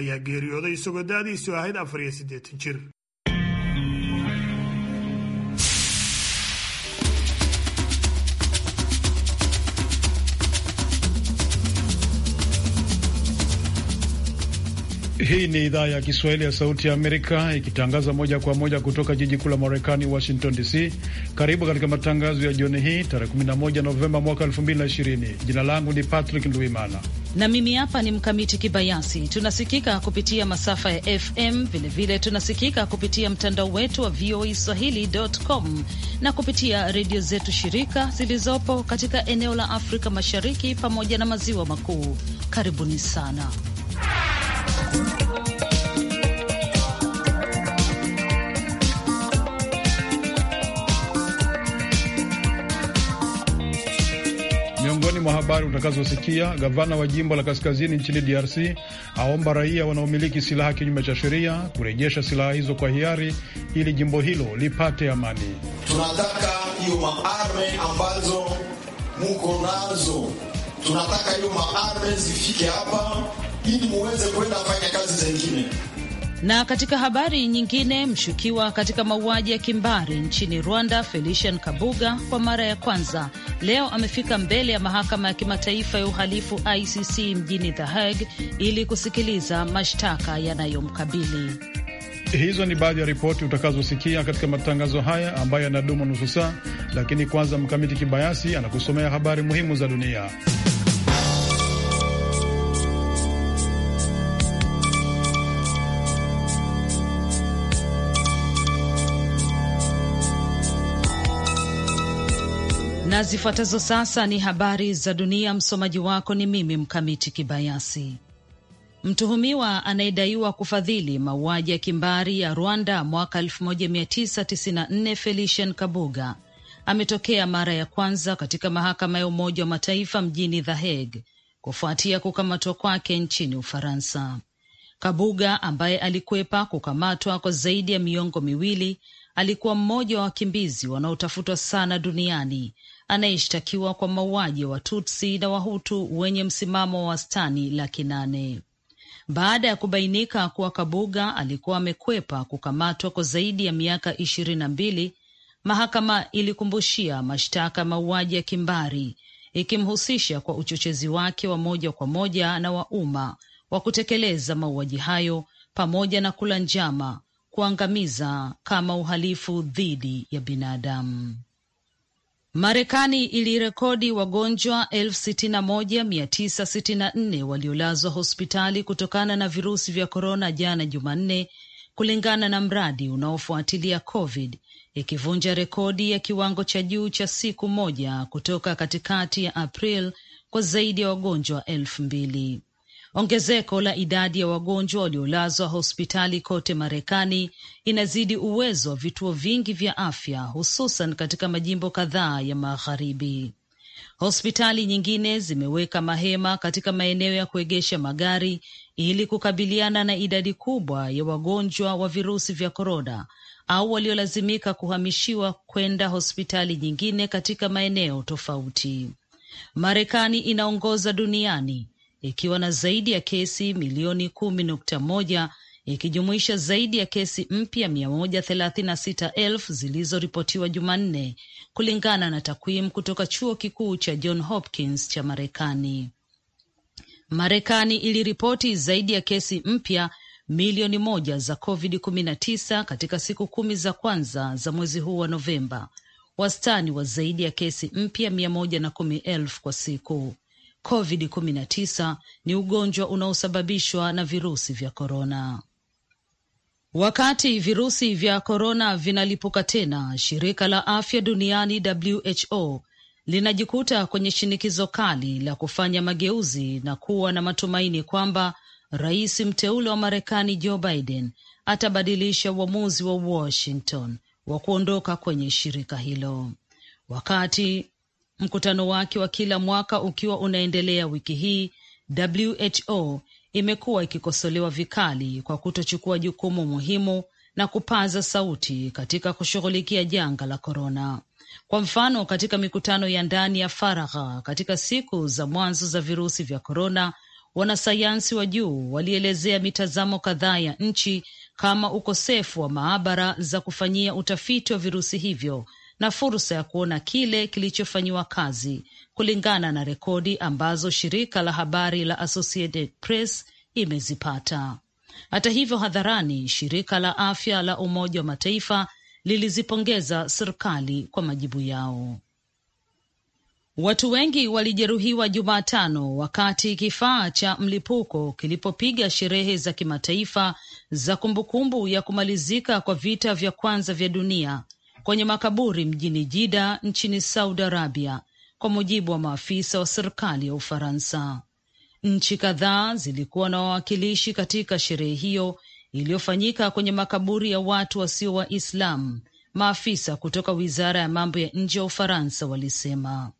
ayaa geeriyooday isagoo da ahayd afar iyo siddeetan jir Hii ni idhaa ya Kiswahili ya Sauti ya Amerika ikitangaza moja kwa moja kutoka jiji kuu la Marekani, Washington DC. Karibu katika matangazo ya jioni hii tarehe 11 Novemba mwaka 2020. Jina langu ni Patrick Ndwimana na mimi hapa ni Mkamiti Kibayasi. Tunasikika kupitia masafa ya FM, vilevile tunasikika kupitia mtandao wetu wa VOA e Swahili.com na kupitia redio zetu shirika zilizopo katika eneo la Afrika Mashariki pamoja na Maziwa Makuu. Karibuni sana. Miongoni mwa habari utakazosikia, gavana wa jimbo la kaskazini nchini DRC aomba raia wanaomiliki silaha kinyume cha sheria kurejesha silaha hizo kwa hiari ili jimbo hilo lipate amani. Tunataka hiyo maarme ambazo muko nazo, tunataka hiyo maarme zifike hapa ili muweze kwenda fanya kazi zingine. Na katika habari nyingine, mshukiwa katika mauaji ya kimbari nchini Rwanda, Felician Kabuga, kwa mara ya kwanza leo amefika mbele ya mahakama ya kimataifa ya uhalifu ICC mjini The Hague ili kusikiliza mashtaka yanayomkabili. Hizo ni baadhi ya ripoti utakazosikia katika matangazo haya ambayo yanadumu nusu saa, lakini kwanza Mkamiti Kibayasi anakusomea habari muhimu za dunia. na zifuatazo sasa ni habari za dunia. Msomaji wako ni mimi Mkamiti Kibayasi. Mtuhumiwa anayedaiwa kufadhili mauaji ya kimbari ya Rwanda mwaka 1994 Felician Kabuga ametokea mara ya kwanza katika mahakama ya Umoja wa Mataifa mjini The Hague kufuatia kukamatwa kwake nchini Ufaransa. Kabuga ambaye alikwepa kukamatwa kwa zaidi ya miongo miwili alikuwa mmoja wa wakimbizi wanaotafutwa sana duniani anayeshtakiwa kwa mauaji ya Watutsi na Wahutu wenye msimamo wa wastani laki nane baada ya kubainika kuwa Kabuga alikuwa amekwepa kukamatwa kwa zaidi ya miaka ishirini na mbili. Mahakama ilikumbushia mashtaka mauaji ya kimbari ikimhusisha kwa uchochezi wake wa moja kwa moja na wa umma wa kutekeleza mauaji hayo pamoja na kula njama kuangamiza kama uhalifu dhidi ya binadamu. Marekani ilirekodi wagonjwa 61964 waliolazwa hospitali kutokana na virusi vya korona jana Jumanne, kulingana na mradi unaofuatilia COVID, ikivunja rekodi ya kiwango cha juu cha siku moja kutoka katikati ya April kwa zaidi ya wagonjwa elfu mbili. Ongezeko la idadi ya wagonjwa waliolazwa hospitali kote Marekani inazidi uwezo wa vituo vingi vya afya, hususan katika majimbo kadhaa ya magharibi. Hospitali nyingine zimeweka mahema katika maeneo ya kuegesha magari ili kukabiliana na idadi kubwa ya wagonjwa wa virusi vya korona au waliolazimika kuhamishiwa kwenda hospitali nyingine katika maeneo tofauti. Marekani inaongoza duniani ikiwa na zaidi ya kesi milioni kumi nukta moja ikijumuisha zaidi ya kesi mpya mia moja thelathini na sita elfu zilizoripotiwa Jumanne, kulingana na takwimu kutoka chuo kikuu cha John Hopkins cha Marekani. Marekani iliripoti zaidi ya kesi mpya milioni moja za COVID-19 katika siku kumi za kwanza za mwezi huu wa Novemba, wastani wa zaidi ya kesi mpya mia moja na kumi elfu kwa siku. COVID-19 ni ugonjwa unaosababishwa na virusi vya korona. Wakati virusi vya korona vinalipuka tena, shirika la afya duniani WHO linajikuta kwenye shinikizo kali la kufanya mageuzi na kuwa na matumaini kwamba rais mteule wa Marekani Joe Biden atabadilisha uamuzi wa Washington wa kuondoka kwenye shirika hilo. Wakati mkutano wake wa kila mwaka ukiwa unaendelea wiki hii, WHO imekuwa ikikosolewa vikali kwa kutochukua jukumu muhimu na kupaza sauti katika kushughulikia janga la korona. Kwa mfano, katika mikutano ya ndani ya faragha katika siku za mwanzo za virusi vya korona, wanasayansi wa juu walielezea mitazamo kadhaa ya nchi kama ukosefu wa maabara za kufanyia utafiti wa virusi hivyo na fursa ya kuona kile kilichofanyiwa kazi kulingana na rekodi ambazo shirika la habari la Associated Press imezipata. Hata hivyo, hadharani, shirika la afya la Umoja wa Mataifa lilizipongeza serikali kwa majibu yao. Watu wengi walijeruhiwa Jumatano wakati kifaa cha mlipuko kilipopiga sherehe za kimataifa za kumbukumbu ya kumalizika kwa vita vya kwanza vya dunia kwenye makaburi mjini Jida nchini Saudi Arabia, kwa mujibu wa maafisa wa serikali ya Ufaransa. Nchi kadhaa zilikuwa na wawakilishi katika sherehe hiyo iliyofanyika kwenye makaburi ya watu wasio Waislamu. Maafisa kutoka wizara ya mambo ya nje ya Ufaransa walisema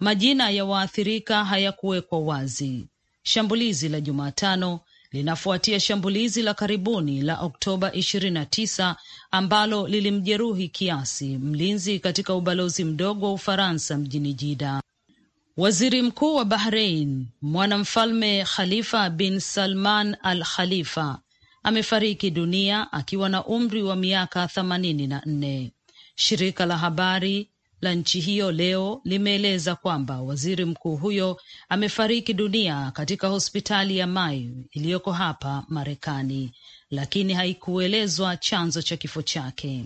majina ya waathirika hayakuwekwa wazi. Shambulizi la Jumatano linafuatia shambulizi la karibuni la Oktoba 29 ambalo lilimjeruhi kiasi mlinzi katika ubalozi mdogo wa Ufaransa mjini Jida. Waziri Mkuu wa bahrein mwanamfalme Khalifa bin Salman al Khalifa, amefariki dunia akiwa na umri wa miaka themanini na nne. Shirika la habari la nchi hiyo leo limeeleza kwamba waziri mkuu huyo amefariki dunia katika hospitali ya Mayo iliyoko hapa Marekani, lakini haikuelezwa chanzo cha kifo chake.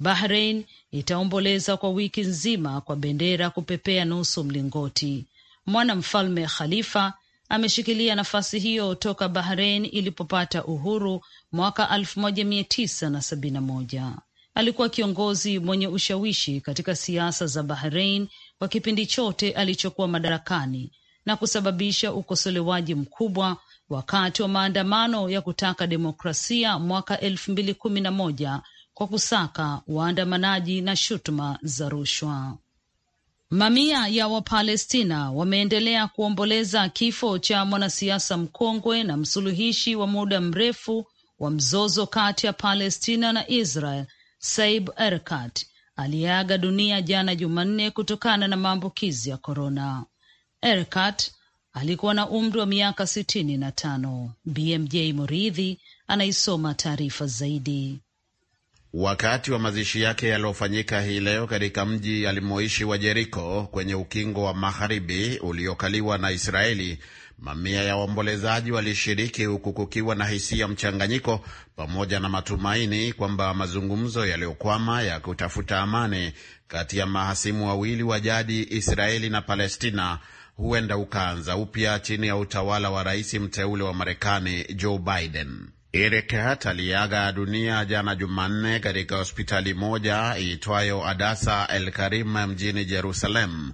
Bahrain itaomboleza kwa wiki nzima kwa bendera kupepea nusu mlingoti. Mwanamfalme Khalifa ameshikilia nafasi hiyo toka Bahrain ilipopata uhuru mwaka 1971. Alikuwa kiongozi mwenye ushawishi katika siasa za bahrein kwa kipindi chote alichokuwa madarakani na kusababisha ukosolewaji mkubwa wakati wa maandamano ya kutaka demokrasia mwaka elfu mbili kumi na moja kwa kusaka waandamanaji na shutuma za rushwa. Mamia ya Wapalestina wameendelea kuomboleza kifo cha mwanasiasa mkongwe na msuluhishi wa muda mrefu wa mzozo kati ya Palestina na Israel Saib Erekat aliyeaga dunia jana Jumanne kutokana na maambukizi ya korona. Erekat alikuwa na umri wa miaka sitini na tano. BMJ Muridhi anaisoma taarifa zaidi. Wakati wa mazishi yake yaliyofanyika hii leo katika mji alimoishi wa Jeriko kwenye ukingo wa magharibi uliokaliwa na Israeli, Mamia ya waombolezaji walishiriki huku kukiwa na hisia mchanganyiko pamoja na matumaini kwamba mazungumzo yaliyokwama ya kutafuta amani kati ya mahasimu wawili wa jadi Israeli na Palestina huenda ukaanza upya chini ya utawala wa rais mteule wa Marekani Joe Biden. Eric Hart aliaga dunia jana Jumanne katika hospitali moja iitwayo Adasa El Karim mjini Jerusalem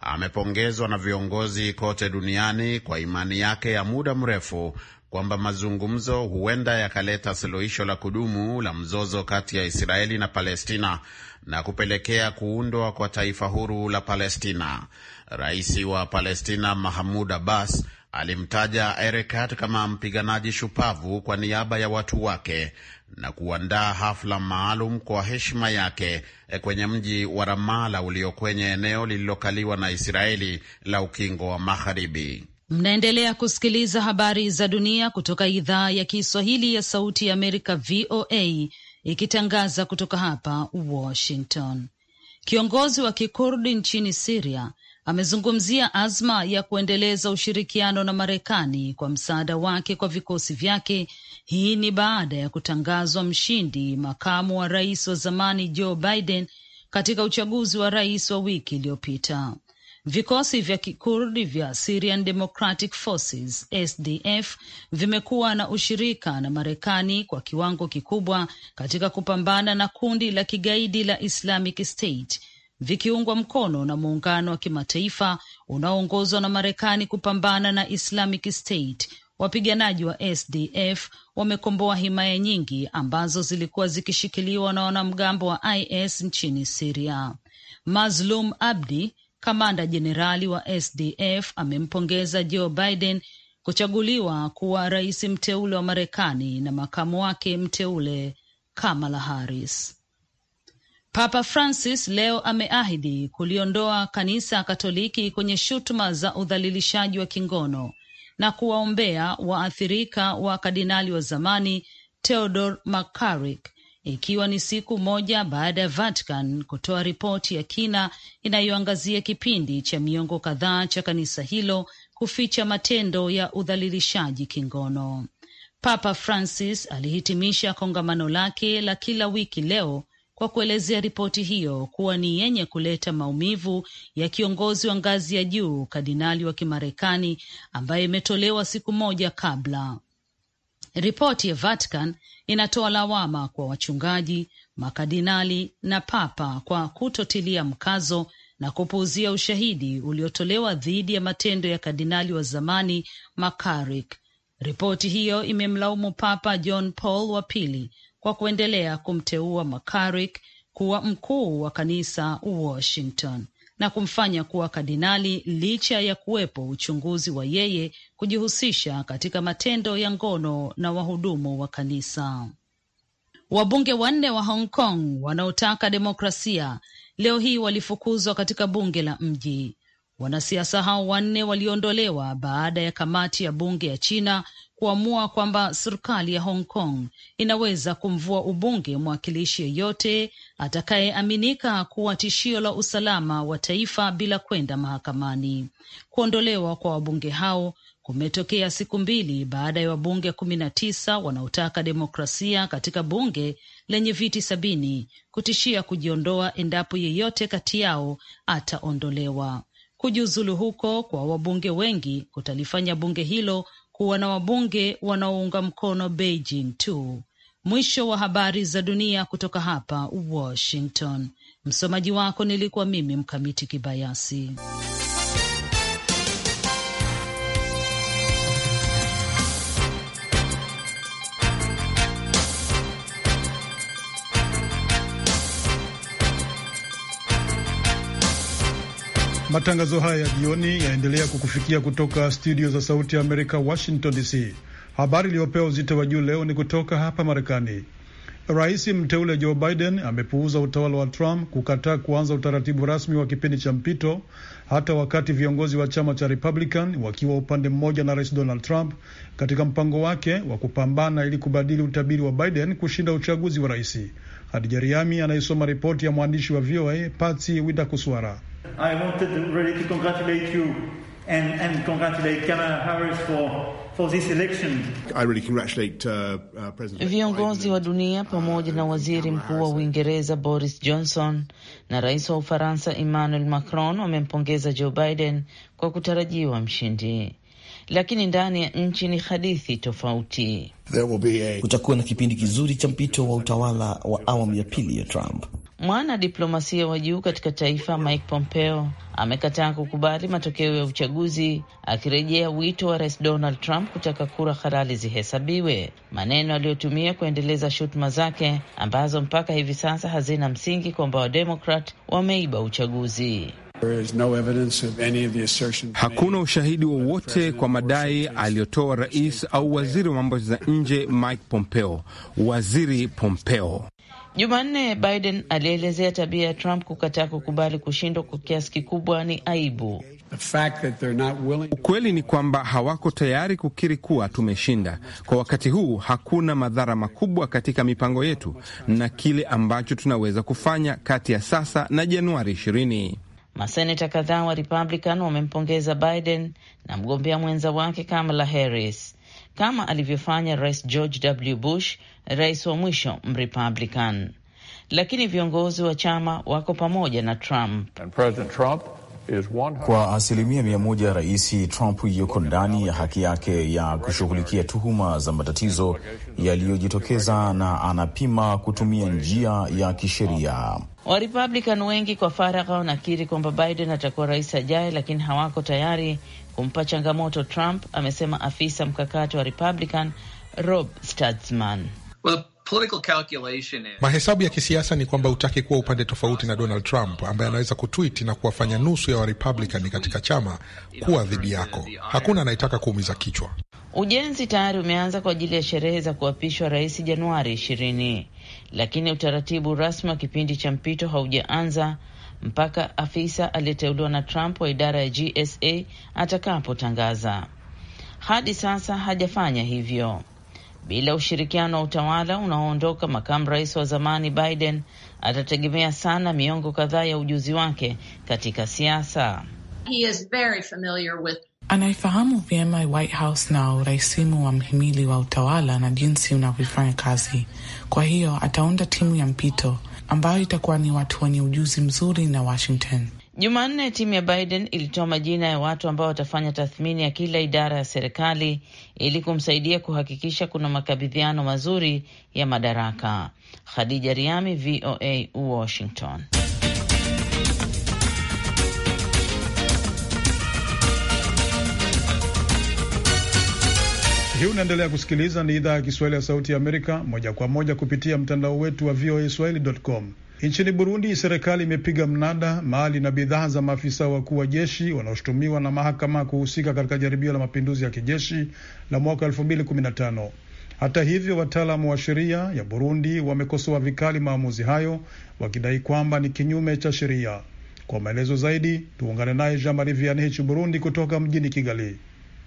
amepongezwa na viongozi kote duniani kwa imani yake ya muda mrefu kwamba mazungumzo huenda yakaleta suluhisho la kudumu la mzozo kati ya Israeli na Palestina na kupelekea kuundwa kwa taifa huru la Palestina. Rais wa Palestina Mahmud Abbas alimtaja Erekat kama mpiganaji shupavu kwa niaba ya watu wake na kuandaa hafla maalum kwa heshima yake e, kwenye mji wa Ramala ulio kwenye eneo lililokaliwa na Israeli la ukingo wa Magharibi. Mnaendelea kusikiliza habari za dunia kutoka idhaa ya Kiswahili ya Sauti ya Amerika, VOA, ikitangaza kutoka hapa Washington. Kiongozi wa kikurdi nchini Siria amezungumzia azma ya kuendeleza ushirikiano na Marekani kwa msaada wake kwa vikosi vyake. Hii ni baada ya kutangazwa mshindi makamu wa rais wa zamani Joe Biden katika uchaguzi wa rais wa wiki iliyopita. Vikosi vya kikurdi vya Syrian Democratic Forces SDF vimekuwa na ushirika na Marekani kwa kiwango kikubwa katika kupambana na kundi la kigaidi la Islamic State vikiungwa mkono na muungano wa kimataifa unaoongozwa na Marekani kupambana na Islamic State. Wapiganaji wa SDF wamekomboa himaya nyingi ambazo zilikuwa zikishikiliwa na wanamgambo wa IS nchini Siria. Mazlum Abdi, kamanda jenerali wa SDF, amempongeza Joe Biden kuchaguliwa kuwa rais mteule wa Marekani na makamu wake mteule Kamala Harris. Papa Francis leo ameahidi kuliondoa kanisa Katoliki kwenye shutuma za udhalilishaji wa kingono na kuwaombea waathirika wa kardinali wa zamani Theodore McCarrick ikiwa ni siku moja baada ya Vatican kutoa ripoti ya kina inayoangazia kipindi cha miongo kadhaa cha kanisa hilo kuficha matendo ya udhalilishaji kingono. Papa Francis alihitimisha kongamano lake la kila wiki leo kwa kuelezea ripoti hiyo kuwa ni yenye kuleta maumivu ya kiongozi wa ngazi ya juu kardinali wa Kimarekani ambaye imetolewa siku moja kabla. Ripoti ya Vatican inatoa lawama kwa wachungaji, makardinali na papa kwa kutotilia mkazo na kupuuzia ushahidi uliotolewa dhidi ya matendo ya kardinali wa zamani Makarik. Ripoti hiyo imemlaumu Papa John Paul wa pili kwa kuendelea kumteua McCarrick kuwa mkuu wa kanisa Washington na kumfanya kuwa kardinali licha ya kuwepo uchunguzi wa yeye kujihusisha katika matendo ya ngono na wahudumu wa kanisa. Wabunge wanne wa Hong Kong wanaotaka demokrasia leo hii walifukuzwa katika bunge la mji. Wanasiasa hao wanne waliondolewa baada ya kamati ya bunge ya China kuamua kwamba serikali ya Hong Kong inaweza kumvua ubunge mwakilishi yeyote atakayeaminika kuwa tishio la usalama wa taifa bila kwenda mahakamani. Kuondolewa kwa wabunge hao kumetokea siku mbili baada ya wabunge kumi na tisa wanaotaka demokrasia katika bunge lenye viti sabini kutishia kujiondoa endapo yeyote kati yao ataondolewa. Kujiuzulu huko kwa wabunge wengi kutalifanya bunge hilo kuwa na wabunge wanaounga mkono Beijing tu. Mwisho wa habari za dunia kutoka hapa Washington. Msomaji wako nilikuwa mimi Mkamiti Kibayasi. Matangazo haya ya jioni yaendelea kukufikia kutoka studio za Sauti ya Amerika, Washington DC. Habari iliyopewa uzito wa juu leo ni kutoka hapa Marekani. Rais mteule Joe Biden amepuuza utawala wa Trump kukataa kuanza utaratibu rasmi wa kipindi cha mpito, hata wakati viongozi wa chama cha Republican wakiwa upande mmoja na Rais Donald Trump katika mpango wake wa kupambana ili kubadili utabiri wa Biden kushinda uchaguzi wa rais. Hadija Riami anayesoma ripoti ya mwandishi wa VOA Patsy Widakuswara. I wanted really to congratulate you and, and congratulate Kamala Harris for uh, uh, Viongozi wa dunia pamoja na waziri mkuu wa Uingereza Boris Johnson na rais wa Ufaransa Emmanuel Macron wamempongeza Joe Biden kwa kutarajiwa mshindi, lakini ndani ya nchi ni hadithi tofauti. Kutakuwa na kipindi kizuri cha mpito wa utawala wa awamu ya pili ya Trump mwana diplomasia wa juu katika taifa Mike Pompeo amekataa kukubali matokeo ya uchaguzi, akirejea wito wa rais Donald Trump kutaka kura halali zihesabiwe, maneno aliyotumia kuendeleza shutuma zake ambazo mpaka hivi sasa hazina msingi kwamba Wademokrat wameiba uchaguzi. Hakuna ushahidi wowote kwa madai aliyotoa rais au waziri wa mambo za nje Mike Pompeo. Waziri Pompeo Jumanne Biden alielezea tabia ya Trump kukataa kukubali kushindwa kwa kiasi kikubwa ni aibu. Ukweli ni kwamba hawako tayari kukiri kuwa tumeshinda. Kwa wakati huu hakuna madhara makubwa katika mipango yetu na kile ambacho tunaweza kufanya kati ya sasa na Januari ishirini Maseneta kadhaa wa Republican wamempongeza Biden na mgombea mwenza wake Kamala Harris kama alivyofanya Rais George W. Bush, rais wa mwisho Mrepublican. Lakini viongozi wa chama wako pamoja na Trump. kwa asilimia mia moja, Rais Trump yuko ndani ya haki yake ya kushughulikia tuhuma za matatizo yaliyojitokeza na anapima kutumia njia ya kisheria. Warepublican wengi kwa faragha wanakiri kwamba Biden atakuwa rais ajaye, lakini hawako tayari kumpa changamoto Trump, amesema afisa mkakati wa Republican Rob Stutzman. Well, mahesabu ya kisiasa ni kwamba utaki kuwa upande tofauti na Donald Trump ambaye anaweza kutwiti na kuwafanya nusu ya Warepublican katika chama kuwa dhidi yako. Hakuna anayetaka kuumiza kichwa. Ujenzi tayari umeanza kwa ajili ya sherehe za kuapishwa rais Januari ishirini, lakini utaratibu rasmi wa kipindi cha mpito haujaanza mpaka afisa aliyeteuliwa na Trump wa idara ya GSA atakapotangaza. Hadi sasa hajafanya hivyo. Bila ushirikiano wa utawala unaoondoka, makamu rais wa zamani Biden atategemea sana miongo kadhaa ya ujuzi wake katika siasa. Anaifahamu vyema White House na urahisimu wa mhimili wa utawala na jinsi unavyofanya kazi. Kwa hiyo ataunda timu ya mpito ambayo itakuwa ni watu wenye ujuzi mzuri na Washington. Jumanne, timu ya Biden ilitoa majina ya watu ambao watafanya tathmini ya kila idara ya serikali ili kumsaidia kuhakikisha kuna makabidhiano mazuri ya madaraka. Khadija Riami, VOA, Washington. Hii unaendelea kusikiliza ni idhaa ya Kiswahili ya Sauti ya Amerika moja kwa moja kupitia mtandao wetu wa VOA Swahili.com. Nchini Burundi, serikali imepiga mnada mali na bidhaa za maafisa wakuu wa jeshi wanaoshutumiwa na mahakama kuhusika katika jaribio la mapinduzi ya kijeshi la mwaka 2015. Hata hivyo, wataalamu wa sheria ya Burundi wamekosoa vikali maamuzi hayo wakidai kwamba ni kinyume cha sheria. Kwa maelezo zaidi, tuungane naye Jean Marie Vianney Burundi kutoka mjini Kigali.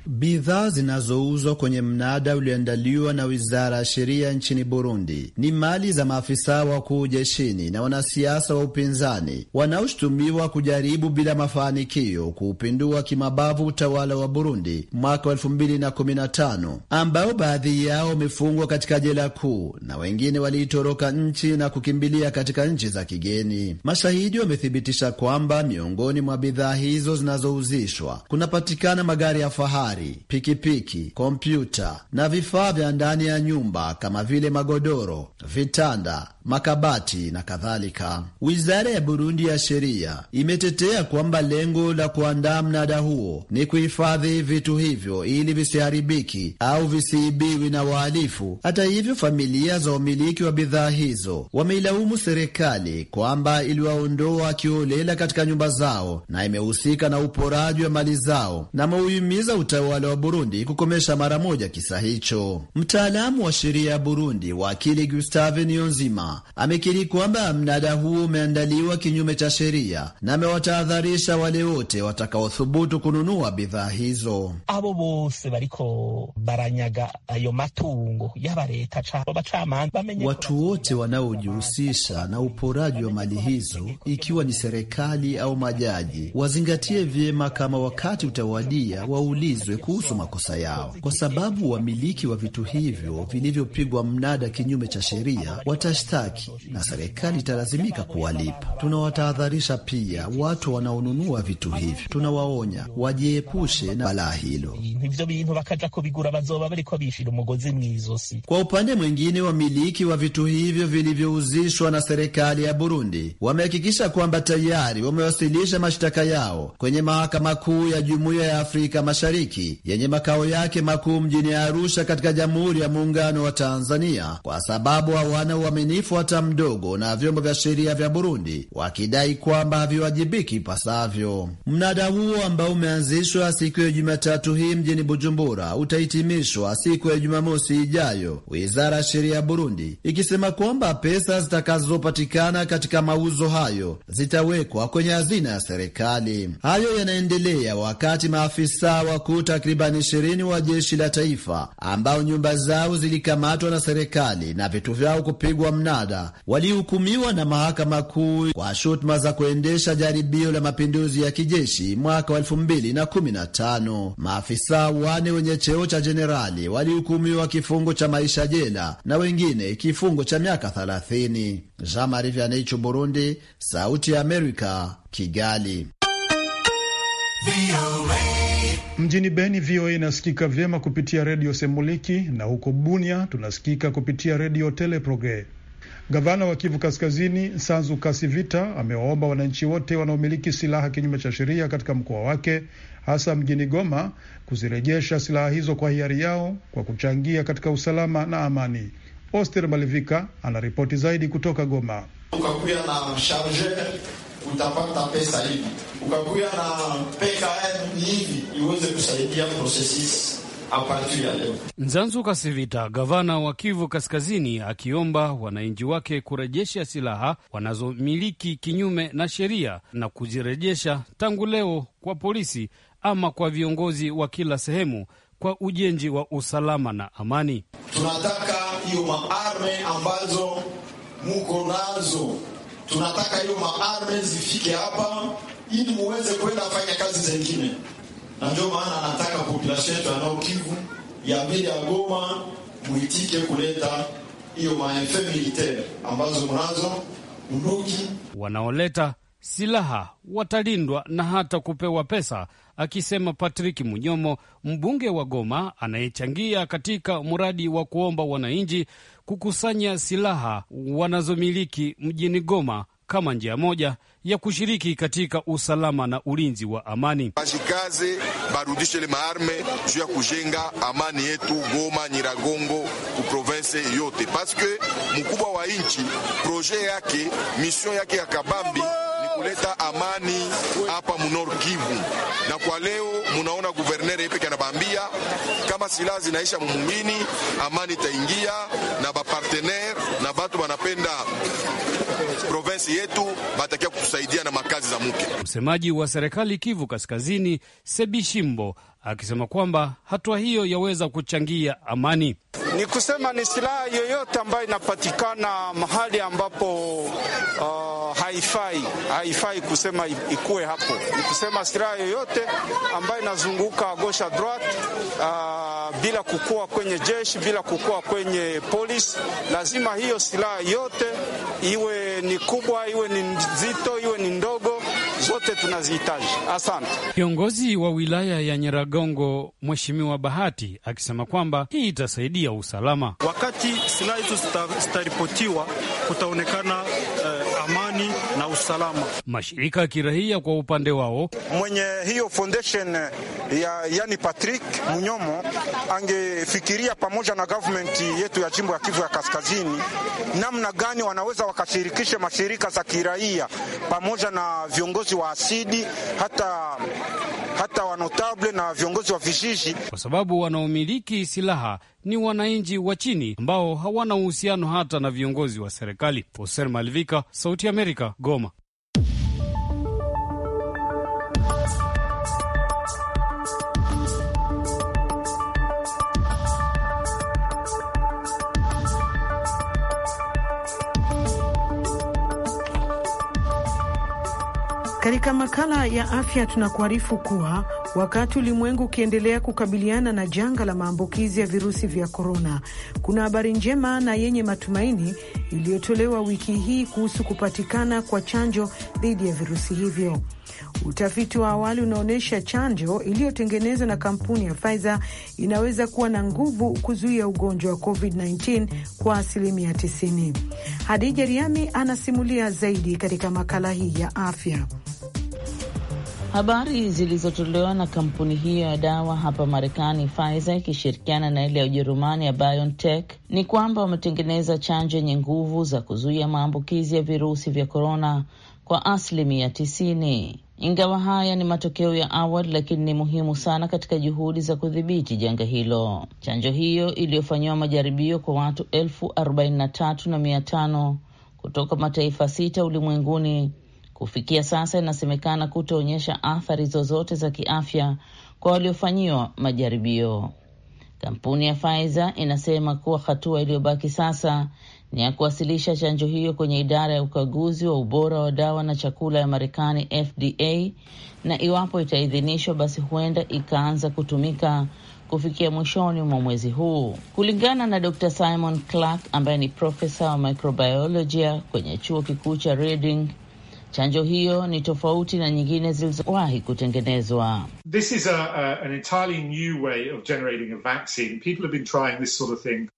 Bidhaa zinazouzwa kwenye mnada ulioandaliwa na wizara ya sheria nchini Burundi ni mali za maafisa wakuu jeshini na wanasiasa wa upinzani wanaoshutumiwa kujaribu bila mafanikio kuupindua kimabavu utawala wa Burundi mwaka 2015 ambao baadhi yao wamefungwa katika jela kuu na wengine waliitoroka nchi na kukimbilia katika nchi za kigeni. Mashahidi wamethibitisha kwamba miongoni mwa bidhaa hizo zinazouzishwa kunapatikana magari ya fahari magari, pikipiki, kompyuta na vifaa vya ndani ya nyumba kama vile magodoro, vitanda, makabati na kadhalika. Wizara ya Burundi ya sheria imetetea kwamba lengo la kuandaa mnada huo ni kuhifadhi vitu hivyo ili visiharibiki au visiibiwi na wahalifu. Hata hivyo, familia za wamiliki wa bidhaa hizo wameilaumu serikali kwamba iliwaondoa kiholela katika nyumba zao na imehusika na uporaji wa mali zao na ameuhimiza utawala ya wale wa Burundi kukomesha mara moja kisa hicho. Mtaalamu wa sheria ya Burundi, wakili Gustave Niyonzima, amekiri kwamba mnada huo umeandaliwa kinyume cha sheria na amewatahadharisha wale wote watakaothubutu kununua bidhaa hizo. abo bose bariko baranyaga ayo matungo yaba leta cabo bacamanza bamenye, watu wote wanaojihusisha na uporaji wa mali hizo, ikiwa ni serikali au majaji, wazingatie vyema kama wakati utawadia waulizwe waulizwe kuhusu makosa yao, kwa sababu wamiliki wa vitu hivyo vilivyopigwa mnada kinyume cha sheria watashtaki na serikali italazimika kuwalipa. Tunawatahadharisha pia watu wanaonunua vitu hivyo, tunawaonya wajiepushe na balaa hilo. Kwa upande mwingine, wamiliki wa vitu hivyo vilivyouzishwa na serikali ya Burundi wamehakikisha kwamba tayari wamewasilisha mashtaka yao kwenye mahakama kuu ya Jumuiya ya Afrika Mashariki Mashariki yenye makao yake makuu mjini Arusha katika Jamhuri ya Muungano wa Tanzania kwa sababu hawana uaminifu hata mdogo na vyombo vya sheria vya Burundi, wakidai kwamba haviwajibiki ipasavyo Mnada huo ambao umeanzishwa siku ya Jumatatu hii mjini Bujumbura utahitimishwa siku ya Jumamosi ijayo, wizara ya sheria ya Burundi ikisema kwamba pesa zitakazopatikana katika mauzo hayo zitawekwa kwenye hazina ya serikali. Hayo yanaendelea wakati maafisa wakuu takriban ishirini wa jeshi la taifa ambao nyumba zao zilikamatwa na serikali na vitu vyao kupigwa mnada walihukumiwa na mahakama kuu kwa shutuma za kuendesha jaribio la mapinduzi ya kijeshi mwaka wa elfu mbili na kumi na tano. Maafisa wane wenye cheo cha jenerali walihukumiwa kifungo cha maisha jela na wengine kifungo cha miaka thelathini. Burundi, Sauti ya Amerika, Kigali. Mjini Beni VOA inasikika vyema kupitia redio Semuliki na huko Bunia tunasikika kupitia redio Teleprogre. Gavana wa Kivu Kaskazini Sanzu Kasivita amewaomba wananchi wote wanaomiliki silaha kinyume cha sheria katika mkoa wake hasa mjini Goma kuzirejesha silaha hizo kwa hiari yao kwa kuchangia katika usalama na amani. Oster Malivika anaripoti zaidi kutoka Goma. na utapata pesa hivi, ukakuya na PKN hivi iweze kusaidia processes Nzanzu Kasivita, gavana wa Kivu Kaskazini, akiomba wananchi wake kurejesha silaha wanazomiliki kinyume na sheria na kuzirejesha tangu leo kwa polisi ama kwa viongozi wa kila sehemu kwa ujenzi wa usalama na amani. Tunataka hiyo maarme ambazo muko nazo tunataka hiyo maarme zifike hapa ili muweze kwenda fanya kazi zingine, na ndio maana anataka population yetu anao Kivu ya mbele ya Goma muitike kuleta hiyo maefe militaire ambazo mnazo bunduki wanaoleta silaha watalindwa na hata kupewa pesa, akisema Patrick Munyomo, mbunge wa Goma anayechangia katika mradi wa kuomba wananchi kukusanya silaha wanazomiliki mjini Goma kama njia moja ya kushiriki katika usalama na ulinzi wa amani. Bashikaze barudishe le maarme juu ya kujenga amani yetu Goma, Nyiragongo, kuprovense yote, paske mkubwa wa nchi proje yake misio yake ya kabambi kuleta amani hapa mnor Kivu. Na kwa leo munaona guverner Ipeke anabambia kama silaha zinaisha mumungini, amani itaingia na bapartenere na batu banapenda provinsi yetu batakia kutusaidia na makazi za muke. Msemaji wa serikali Kivu Kaskazini Sebishimbo akisema kwamba hatua hiyo yaweza kuchangia amani. Ni kusema ni silaha yoyote ambayo inapatikana mahali ambapo uh, haifai haifai kusema ikuwe hapo. Ni kusema silaha yoyote ambayo inazunguka gosha droit uh, bila kukua kwenye jeshi bila kukua kwenye polisi, lazima hiyo silaha yote iwe ni kubwa iwe ni nzito iwe ni ndogo zote tunazihitaji. Asante. Kiongozi wa wilaya ya Nyiragongo Mheshimiwa Bahati akisema kwamba hii itasaidia usalama wakati silaha hizo zitaripotiwa, kutaonekana usalama. Mashirika ya kirahia kwa upande wao, mwenye hiyo foundation eh, ya yani Patrick Munyomo angefikiria pamoja na government yetu ya jimbo ya Kivu ya Kaskazini, namna gani wanaweza wakashirikishe mashirika za kirahia pamoja na viongozi wa asidi hata hata wanotable na viongozi wa vijiji, kwa sababu wanaomiliki silaha ni wananchi wa chini ambao hawana uhusiano hata na viongozi wa serikali. Hoser Malivika, Sauti Amerika, Goma. Katika makala ya afya tunakuarifu kuwa Wakati ulimwengu ukiendelea kukabiliana na janga la maambukizi ya virusi vya korona, kuna habari njema na yenye matumaini iliyotolewa wiki hii kuhusu kupatikana kwa chanjo dhidi ya virusi hivyo. Utafiti wa awali unaonyesha chanjo iliyotengenezwa na kampuni ya Pfizer inaweza kuwa na nguvu kuzuia ugonjwa wa COVID-19 kwa asilimia 90. Hadija Riami anasimulia zaidi katika makala hii ya afya. Habari zilizotolewa na kampuni hiyo ya dawa hapa Marekani, Pfizer ikishirikiana na ile ya Ujerumani ya BioNTech ni kwamba wametengeneza chanjo yenye nguvu za kuzuia maambukizi ya virusi vya korona kwa asilimia tisini. Ingawa haya ni matokeo ya awali, lakini ni muhimu sana katika juhudi za kudhibiti janga hilo. Chanjo hiyo iliyofanyiwa majaribio kwa watu elfu arobaini na tatu na mia tano kutoka mataifa sita ulimwenguni Kufikia sasa inasemekana kutoonyesha athari zozote za kiafya kwa waliofanyiwa majaribio. Kampuni ya Pfizer inasema kuwa hatua iliyobaki sasa ni ya kuwasilisha chanjo hiyo kwenye idara ya ukaguzi wa ubora wa dawa na chakula ya Marekani, FDA, na iwapo itaidhinishwa, basi huenda ikaanza kutumika kufikia mwishoni mwa mwezi huu, kulingana na Dr Simon Clark ambaye ni profesa wa microbiolojia kwenye chuo kikuu cha Reading Chanjo hiyo ni tofauti na nyingine zilizowahi kutengenezwa.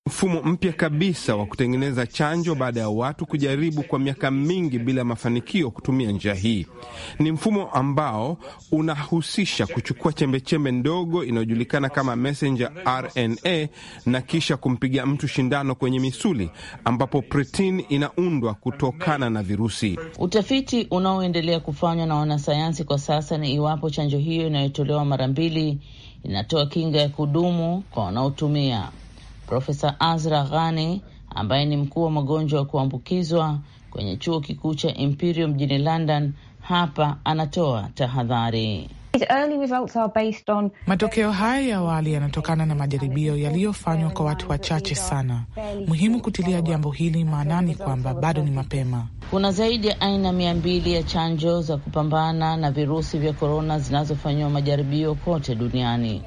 Mfumo mpya kabisa wa kutengeneza chanjo baada ya watu kujaribu kwa miaka mingi bila mafanikio kutumia njia hii. Ni mfumo ambao unahusisha kuchukua chembechembe -chembe ndogo inayojulikana kama messenger RNA na kisha kumpiga mtu shindano kwenye misuli ambapo protein inaundwa kutokana na virusi. Utafiti unaoendelea kufanywa na wanasayansi kwa sasa ni iwapo chanjo hiyo inayotolewa mara mbili inatoa kinga ya kudumu kwa wanaotumia. Profesa Azra Ghani ambaye ni mkuu wa magonjwa ya kuambukizwa kwenye chuo kikuu cha Imperial mjini London hapa anatoa tahadhari. Matokeo haya ya awali yanatokana na majaribio yaliyofanywa kwa watu wachache sana. Muhimu kutilia jambo hili maanani kwamba bado ni mapema. Kuna zaidi ya aina mia mbili ya chanjo za kupambana na virusi vya korona zinazofanyiwa majaribio kote duniani.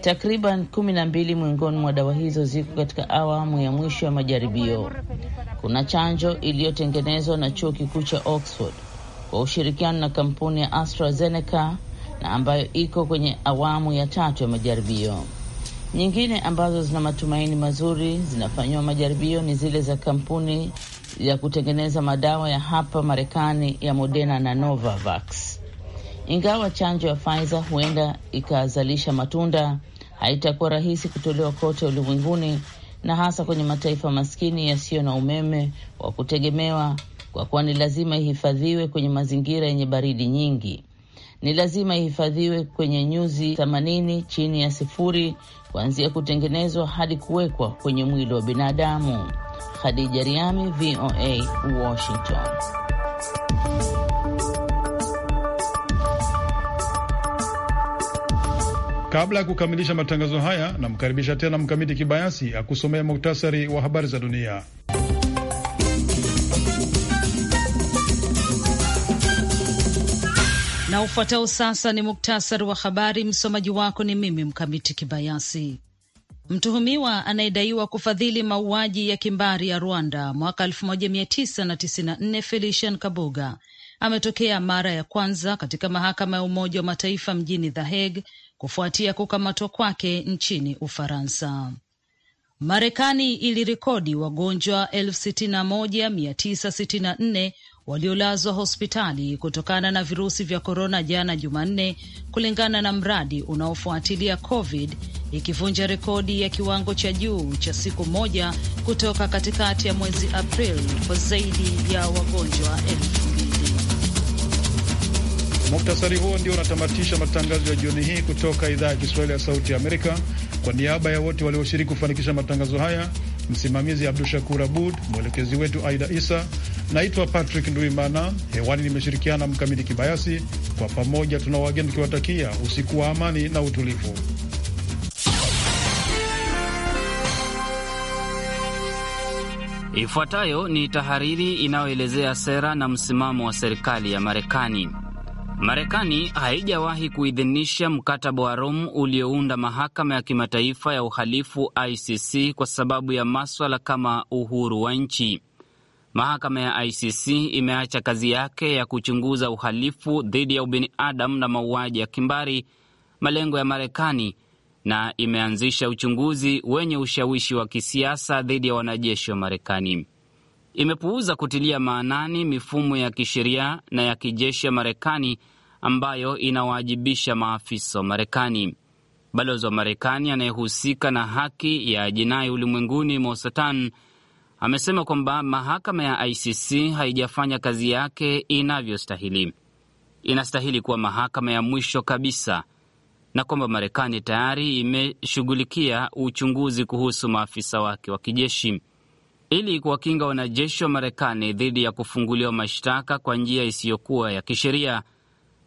Takriban kumi na mbili miongoni mwa dawa hizo ziko katika awamu ya mwisho ya majaribio. Kuna chanjo iliyotengenezwa na chuo kikuu cha Oxford kwa ushirikiano na kampuni ya AstraZeneca na ambayo iko kwenye awamu ya tatu ya majaribio. Nyingine ambazo zina matumaini mazuri zinafanyiwa majaribio ni zile za kampuni ya kutengeneza madawa ya hapa Marekani ya Moderna na Novavax. Ingawa chanjo ya Pfizer huenda ikazalisha matunda, haitakuwa rahisi kutolewa kote ulimwenguni na hasa kwenye mataifa maskini yasiyo na umeme wa kutegemewa, kwa kuwa ni lazima ihifadhiwe kwenye mazingira yenye baridi nyingi ni lazima ihifadhiwe kwenye nyuzi 80 chini ya sifuri kuanzia kutengenezwa hadi kuwekwa kwenye mwili wa binadamu. Khadija Riami, VOA, Washington. Kabla ya kukamilisha matangazo haya, namkaribisha tena Mkamiti Kibayasi akusomea muktasari wa habari za dunia. Na ufuatao sasa ni muktasari wa habari. Msomaji wako ni mimi Mkamiti Kibayasi. Mtuhumiwa anayedaiwa kufadhili mauaji ya kimbari ya Rwanda mwaka 1994 Felician Kabuga ametokea mara ya kwanza katika mahakama ya Umoja wa Mataifa mjini The Hague kufuatia kukamatwa kwake nchini Ufaransa. Marekani ilirekodi wagonjwa 61964 waliolazwa hospitali kutokana na virusi vya korona jana Jumanne, kulingana na mradi unaofuatilia COVID, ikivunja rekodi ya kiwango cha juu cha siku moja kutoka katikati ya mwezi Aprili kwa zaidi ya wagonjwa elfu mbili. Muktasari huo ndio unatamatisha matangazo ya jioni hii kutoka idhaa ya Kiswahili ya Sauti ya Amerika. Kwa niaba ya wote walioshiriki kufanikisha matangazo haya Msimamizi Abdu Shakur Abud, mwelekezi wetu Aida Isa. Naitwa Patrick Nduimana, hewani nimeshirikiana Mkamiti Kibayasi. Kwa pamoja tuna wageni tukiwatakia usiku wa amani na utulivu. Ifuatayo ni tahariri inayoelezea sera na msimamo wa serikali ya Marekani. Marekani haijawahi kuidhinisha mkataba wa Rome uliounda mahakama ya kimataifa ya uhalifu ICC kwa sababu ya maswala kama uhuru wa nchi. Mahakama ya ICC imeacha kazi yake ya kuchunguza uhalifu dhidi ya ubinadamu na mauaji ya kimbari, malengo ya Marekani, na imeanzisha uchunguzi wenye ushawishi wa kisiasa dhidi ya wanajeshi wa Marekani imepuuza kutilia maanani mifumo ya kisheria na ya kijeshi ya Marekani ambayo inawaajibisha maafisa wa Marekani. Balozi wa Marekani anayehusika na haki ya jinai ulimwenguni Mosatan amesema kwamba mahakama ya ICC haijafanya kazi yake inavyostahili. Inastahili kuwa mahakama ya mwisho kabisa, na kwamba Marekani tayari imeshughulikia uchunguzi kuhusu maafisa wake wa kijeshi ili kuwakinga wanajeshi wa Marekani dhidi ya kufunguliwa mashtaka kwa njia isiyokuwa ya kisheria.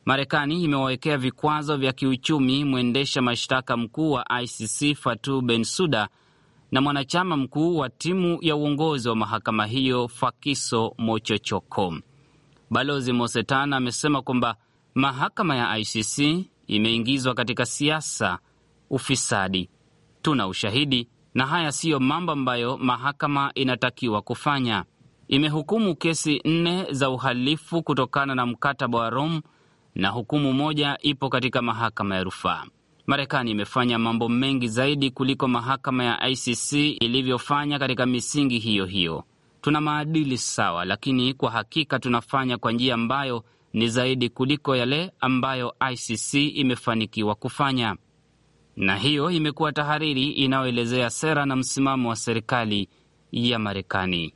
Marekani imewawekea vikwazo vya kiuchumi mwendesha mashtaka mkuu wa ICC fatu bensuda na mwanachama mkuu wa timu ya uongozi wa mahakama hiyo Fakiso Mochochoko. Balozi Mosetana amesema kwamba mahakama ya ICC imeingizwa katika siasa, ufisadi. Tuna ushahidi na haya siyo mambo ambayo mahakama inatakiwa kufanya. Imehukumu kesi nne za uhalifu kutokana na mkataba wa Rome na hukumu moja ipo katika mahakama ya rufaa. Marekani imefanya mambo mengi zaidi kuliko mahakama ya ICC ilivyofanya katika misingi hiyo hiyo. Tuna maadili sawa, lakini kwa hakika tunafanya kwa njia ambayo ni zaidi kuliko yale ambayo ICC imefanikiwa kufanya na hiyo imekuwa tahariri inayoelezea sera na msimamo wa serikali ya Marekani.